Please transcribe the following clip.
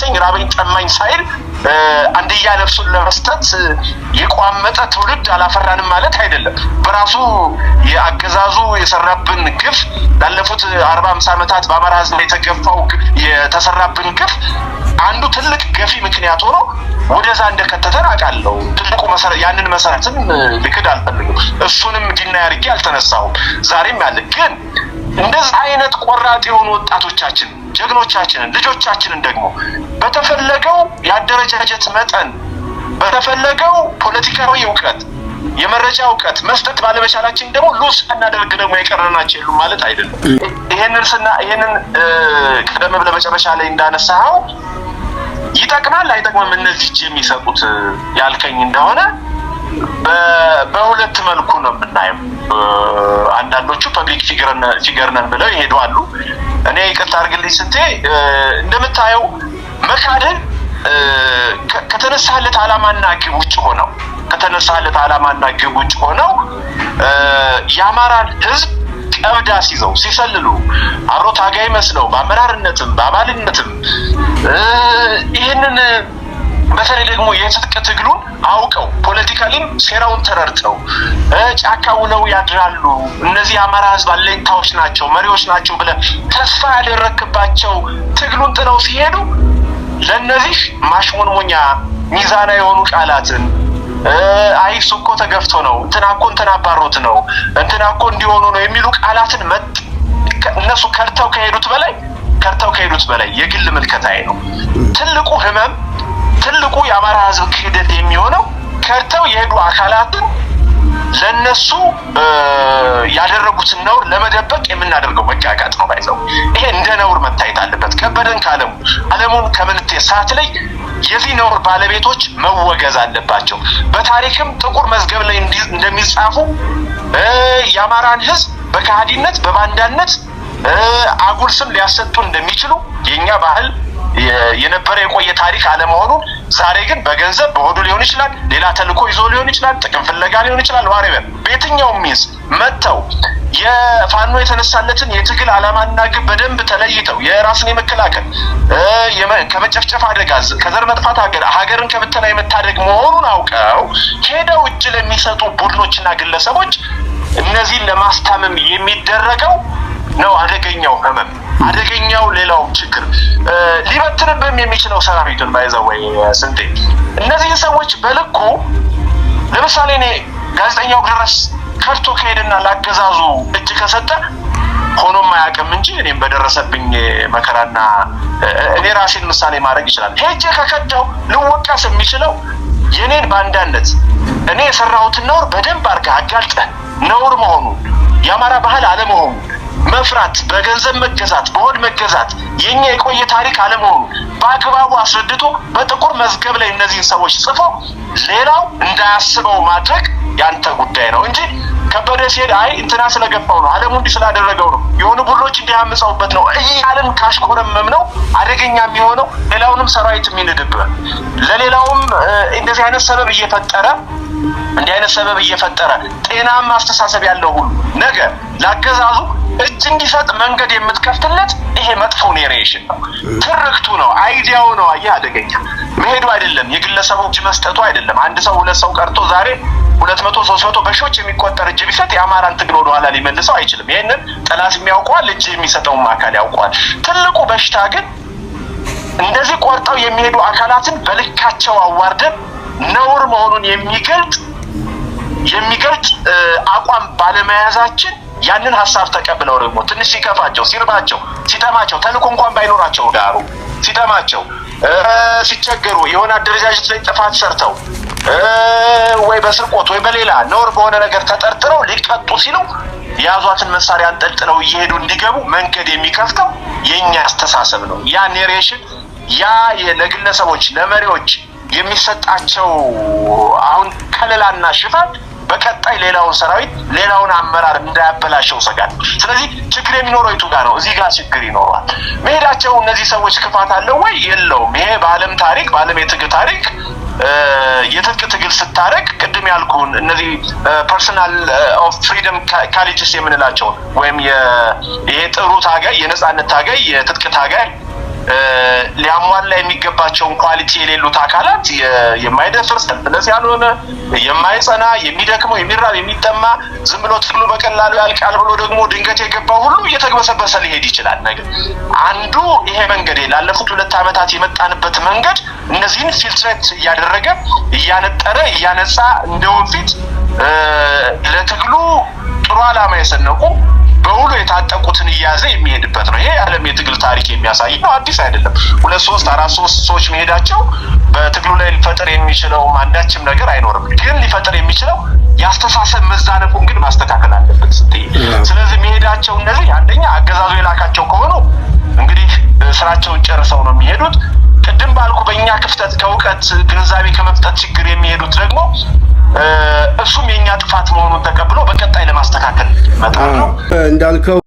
ሰለቸኝ ራበኝ ጠማኝ ሳይል አንድያ ነፍሱን ለመስጠት የቋመጠ ትውልድ አላፈራንም ማለት አይደለም። በራሱ የአገዛዙ የሰራብን ግፍ ላለፉት አርባ አምስት ዓመታት በአማራ ሕዝብ የተገፋው የተሰራብን ግፍ አንዱ ትልቅ ገፊ ምክንያት ሆኖ ወደዛ እንደከተተ አውቃለሁ። ትልቁ ያንን መሰረትም ልክድ አልፈልግም። እሱንም ዲና ያርጌ አልተነሳሁም። ዛሬም ያለ ግን እንደዚህ አይነት ቆራጥ የሆኑ ወጣቶቻችን ጀግኖቻችንን ልጆቻችንን ደግሞ በተፈለገው የአደረጃጀት መጠን በተፈለገው ፖለቲካዊ እውቀት የመረጃ እውቀት መስጠት ባለመቻላችን ደግሞ ሉስ እናደርግ ደግሞ የቀረናቸው የሉም ማለት አይደለም። ይህንን ስና ይህንን ቀደም ብለህ መጨረሻ ላይ እንዳነሳኸው ይጠቅማል አይጠቅምም እነዚህ እጅ የሚሰጡት ያልከኝ እንደሆነ በሁለት መልኩ ነው የምናየው። አንዳንዶቹ ፐብሊክ ፊገር ነን ብለው አሉ። እኔ ይቅርታ አድርግልኝ ስንቴ እንደምታየው መካደን ከተነሳለት ዓላማና ግብ ውጭ ሆነው ከተነሳለት ዓላማና ግብ ውጭ ሆነው የአማራን ህዝብ ቀብዳ ሲዘው ሲሰልሉ አብሮ ታጋይ መስለው በአመራርነትም በአባልነትም ይህንን በተለይ ደግሞ የትጥቅ ትግሉን አውቀው ፖለቲካሊም ሴራውን ተረድተው ጫካ ውለው ያድራሉ። እነዚህ አማራ ህዝብ አለኝታዎች ናቸው፣ መሪዎች ናቸው ብለህ ተስፋ ያደረክባቸው ትግሉን ጥለው ሲሄዱ ለእነዚህ ማሽሞንሞኛ ሚዛና የሆኑ ቃላትን አይ እሱ እኮ ተገፍቶ ነው፣ እንትና እኮ እንትን አባሮት ነው፣ እንትና እኮ እንዲሆኑ ነው የሚሉ ቃላትን መጥ እነሱ ከርተው ከሄዱት በላይ ከርተው ከሄዱት በላይ የግል ምልከታዬ ነው ትልቁ ህመም ትልቁ የአማራ ህዝብ ክህደት የሚሆነው ከድተው የሄዱ አካላትን ለነሱ ያደረጉትን ነውር ለመደበቅ የምናደርገው መጋጋጥ ነው። ባይዘው ይሄ እንደ ነውር መታየት አለበት። ከበደን ከአለሙ አለሙን ከምንቴ ሰዓት ላይ የዚህ ነውር ባለቤቶች መወገዝ አለባቸው። በታሪክም ጥቁር መዝገብ ላይ እንደሚጻፉ የአማራን ህዝብ በከሃዲነት በባንዳነት አጉል ስም ሊያሰጡ እንደሚችሉ የእኛ ባህል የነበረ የቆየ ታሪክ አለመሆኑን ዛሬ ግን በገንዘብ በሆዱ ሊሆን ይችላል፣ ሌላ ተልእኮ ይዞ ሊሆን ይችላል፣ ጥቅም ፍለጋ ሊሆን ይችላል። ዋሬበር በየትኛውም ሚንስ መጥተው የፋኖ የተነሳለትን የትግል አላማና ግብ በደንብ ተለይተው የራስን የመከላከል ከመጨፍጨፍ አደጋ ከዘር መጥፋት ሀገር ሀገርን ከብተና የመታደግ መሆኑን አውቀው ሄደው እጅ ለሚሰጡ ቡድኖችና ግለሰቦች እነዚህን ለማስታመም የሚደረገው ነው አደገኛው ህመም። አደገኛው ሌላው ችግር ሊበትንብም የሚችለው ሰራዊቱን ባይዘው ወይ ስንቴ እነዚህን ሰዎች በልኩ ለምሳሌ እኔ ጋዜጠኛው ድረስ ከፍቶ ከሄደና ላገዛዙ እጅ ከሰጠ ሆኖም አያውቅም እንጂ እኔም በደረሰብኝ መከራና እኔ ራሴን ምሳሌ ማድረግ ይችላል። ሄጄ ከከዳው ልወቀስ የሚችለው የኔን ባንዳነት እኔ የሰራሁትን ነውር በደንብ አድርገህ አጋልጠህ ነውር መሆኑን የአማራ ባህል አለመሆኑ መፍራት፣ በገንዘብ መገዛት፣ በሆድ መገዛት የኛ የቆየ ታሪክ አለመሆኑ በአግባቡ አስረድቶ በጥቁር መዝገብ ላይ እነዚህን ሰዎች ጽፎ ሌላው እንዳያስበው ማድረግ ያንተ ጉዳይ ነው እንጂ ከበደ ሲሄድ አይ እንትና ስለገባው ነው፣ አለሙ እንዲህ ስላደረገው ነው፣ የሆኑ ቡድኖች እንዲያምፀውበት ነው እያልን ካሽኮረመም ነው አደገኛ የሚሆነው ሌላውንም ሰራዊት የሚንድብ ለሌላውም እንደዚህ አይነት ሰበብ እየፈጠረ እንዲህ አይነት ሰበብ እየፈጠረ ጤናማ አስተሳሰብ ያለው ሁሉ ነገር ለአገዛዙ እጅ እንዲሰጥ መንገድ የምትከፍትለት ይሄ መጥፎ ኔሬሽን ነው፣ ትርክቱ ነው፣ አይዲያው ነው። አየህ አደገኛ መሄዱ አይደለም፣ የግለሰቡ እጅ መስጠቱ አይደለም። አንድ ሰው ሁለት ሰው ቀርቶ ዛሬ ሁለት መቶ ሶስት መቶ በሺዎች የሚቆጠር እጅ ቢሰጥ የአማራን ትግል ወደ ኋላ ሊመልሰው አይችልም። ይህንን ጠላት የሚያውቀዋል፣ እጅ የሚሰጠውም አካል ያውቀዋል። ትልቁ በሽታ ግን እንደዚህ ቆርጠው የሚሄዱ አካላትን በልካቸው አዋርደን ነውር መሆኑን የሚገልጥ የሚገልጽ አቋም ባለመያዛችን ያንን ሀሳብ ተቀብለው ደግሞ ትንሽ ሲከፋቸው፣ ሲርባቸው፣ ሲጠማቸው ተልእኮ እንኳን ባይኖራቸው ዳሩ ሲጠማቸው፣ ሲቸገሩ የሆነ አደረጃጀት ላይ ጥፋት ሰርተው ወይ በስርቆት ወይ በሌላ ነውር በሆነ ነገር ተጠርጥረው ሊቀጡ ሲሉ የያዟትን መሳሪያ አንጠልጥለው እየሄዱ እንዲገቡ መንገድ የሚከፍተው የእኛ አስተሳሰብ ነው። ያ ኔሬሽን ያ ለግለሰቦች ለመሪዎች የሚሰጣቸው አሁን ከለላና ሽፋን በቀጣይ ሌላውን ሰራዊት ሌላውን አመራር እንዳያበላሸው ሰጋል። ስለዚህ ችግር የሚኖረው የቱ ጋር ነው። እዚህ ጋር ችግር ይኖረዋል። መሄዳቸው እነዚህ ሰዎች ክፋት አለው ወይ የለውም? ይሄ በዓለም ታሪክ በዓለም የትግል ታሪክ የትጥቅ ትግል ስታደርግ ቅድም ያልኩን እነዚህ ፐርሰናል ኦፍ ፍሪደም ካሌጅስ የምንላቸውን ወይም ይሄ ጥሩ ታጋይ የነጻነት ታጋይ የትጥቅ ታጋይ ሊያሟላ የሚገባቸውን ኳሊቲ የሌሉት አካላት የማይደፍር ሰልፍለስ ያልሆነ የማይጸና የሚደክመው የሚራብ የሚጠማ ዝም ብሎ ትግሉ በቀላሉ ያልቃል ብሎ ደግሞ ድንገት የገባው ሁሉ እየተግበሰበሰ ሊሄድ ይችላል። ነገር አንዱ ይሄ መንገድ ላለፉት ሁለት ዓመታት የመጣንበት መንገድ እነዚህን ፊልትሬት እያደረገ እያነጠረ እያነጻ እንደወንፊት ለትግሉ ጥሩ ዓላማ የሰነቁ በውሉ የታጠቁትን እያዘ የሚሄድበት ነው። ይሄ የዓለም የትግል ታሪክ የሚያሳይ ነው። አዲስ አይደለም። ሁለት ሶስት አራት ሶስት ሰዎች መሄዳቸው በትግሉ ላይ ሊፈጥር የሚችለው አንዳችም ነገር አይኖርም። ግን ሊፈጥር የሚችለው የአስተሳሰብ መዛነፉን ግን ማስተካከል አለበት ስት ስለዚህ መሄዳቸው እነዚህ አንደኛ አገዛዙ የላካቸው ከሆኑ እንግዲህ ስራቸውን ጨርሰው ነው የሚሄዱት። ቅድም ባልኩ በእኛ ክፍተት ከእውቀት ግንዛቤ ከመፍጠት ችግር የሚሄዱት ደግሞ እሱም የእኛ ጥፋት መሆኑን ተቀብሎ በቀጣይ ለማስተካከል መጣር ነው እንዳልከው